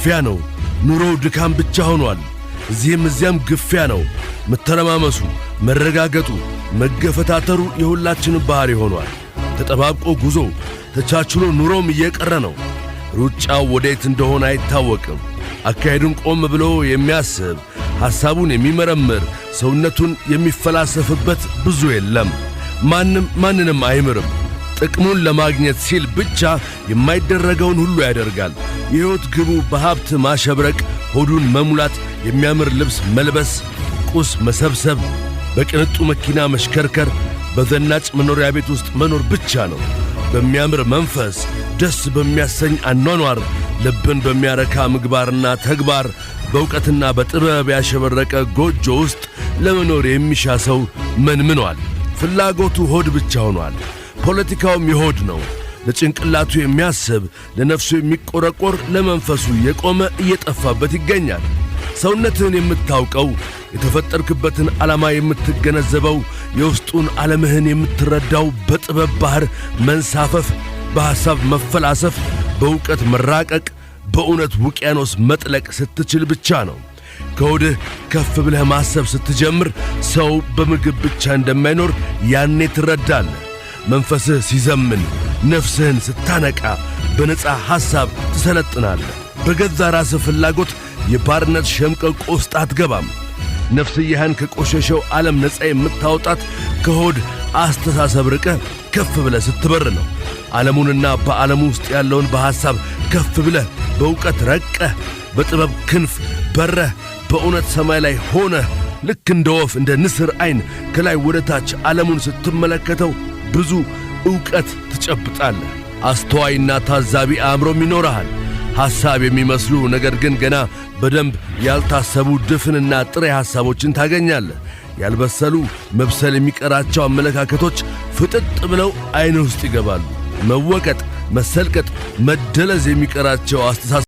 ግፊያ ነው። ኑሮው ድካም ብቻ ሆኗል። እዚህም እዚያም ግፊያ ነው። መተረማመሱ፣ መረጋገጡ፣ መገፈታተሩ የሁላችንም ባሕሪ ሆኗል። ተጠባብቆ ጉዞ፣ ተቻችሎ ኑሮም እየቀረ ነው። ሩጫው ወዴት እንደሆነ አይታወቅም። አካሄዱን ቆም ብሎ የሚያስብ ሐሳቡን የሚመረምር ሰውነቱን የሚፈላሰፍበት ብዙ የለም። ማንም ማንንም አይምርም። ጥቅሙን ለማግኘት ሲል ብቻ የማይደረገውን ሁሉ ያደርጋል። የሕይወት ግቡ በሀብት ማሸብረቅ፣ ሆዱን መሙላት፣ የሚያምር ልብስ መልበስ፣ ቁስ መሰብሰብ፣ በቅንጡ መኪና መሽከርከር፣ በዘናጭ መኖሪያ ቤት ውስጥ መኖር ብቻ ነው። በሚያምር መንፈስ፣ ደስ በሚያሰኝ አኗኗር፣ ልብን በሚያረካ ምግባርና ተግባር፣ በእውቀትና በጥበብ ያሸበረቀ ጎጆ ውስጥ ለመኖር የሚሻ ሰው መንምኗል። ፍላጎቱ ሆድ ብቻ ሆኗል። ፖለቲካውም የሆድ ነው። ለጭንቅላቱ የሚያስብ ለነፍሱ የሚቆረቆር ለመንፈሱ የቆመ እየጠፋበት ይገኛል። ሰውነትህን የምታውቀው የተፈጠርክበትን ዓላማ የምትገነዘበው የውስጡን ዓለምህን የምትረዳው በጥበብ ባሕር መንሳፈፍ፣ በሐሳብ መፈላሰፍ፣ በእውቀት መራቀቅ፣ በእውነት ውቅያኖስ መጥለቅ ስትችል ብቻ ነው። ከወድህ ከፍ ብለህ ማሰብ ስትጀምር ሰው በምግብ ብቻ እንደማይኖር ያኔ ትረዳለህ። መንፈስህ ሲዘምን፣ ነፍስህን ስታነቃ በነፃ ሐሳብ ትሰለጥናለህ። በገዛ ራስህ ፍላጎት የባርነት ሸምቀቆ ውስጥ አትገባም። ነፍስየህን ከቆሸሸው ዓለም ነፃ የምታወጣት ከሆድ አስተሳሰብ ርቀ ከፍ ብለህ ስትበር ነው። ዓለሙንና በዓለም ውስጥ ያለውን በሐሳብ ከፍ ብለህ በእውቀት ረቀህ በጥበብ ክንፍ በረህ በእውነት ሰማይ ላይ ሆነህ ልክ እንደ ወፍ እንደ ንስር ዐይን ከላይ ወደ ታች ዓለሙን ስትመለከተው ብዙ ዕውቀት ትጨብጣለህ። አስተዋይና ታዛቢ አእምሮም ይኖርሃል። ሐሳብ የሚመስሉ ነገር ግን ገና በደንብ ያልታሰቡ ድፍንና ጥሬ ሐሳቦችን ታገኛለህ። ያልበሰሉ መብሰል የሚቀራቸው አመለካከቶች ፍጥጥ ብለው ዐይነ ውስጥ ይገባሉ። መወቀጥ፣ መሰልቀጥ፣ መደለዝ የሚቀራቸው አስተሳሰ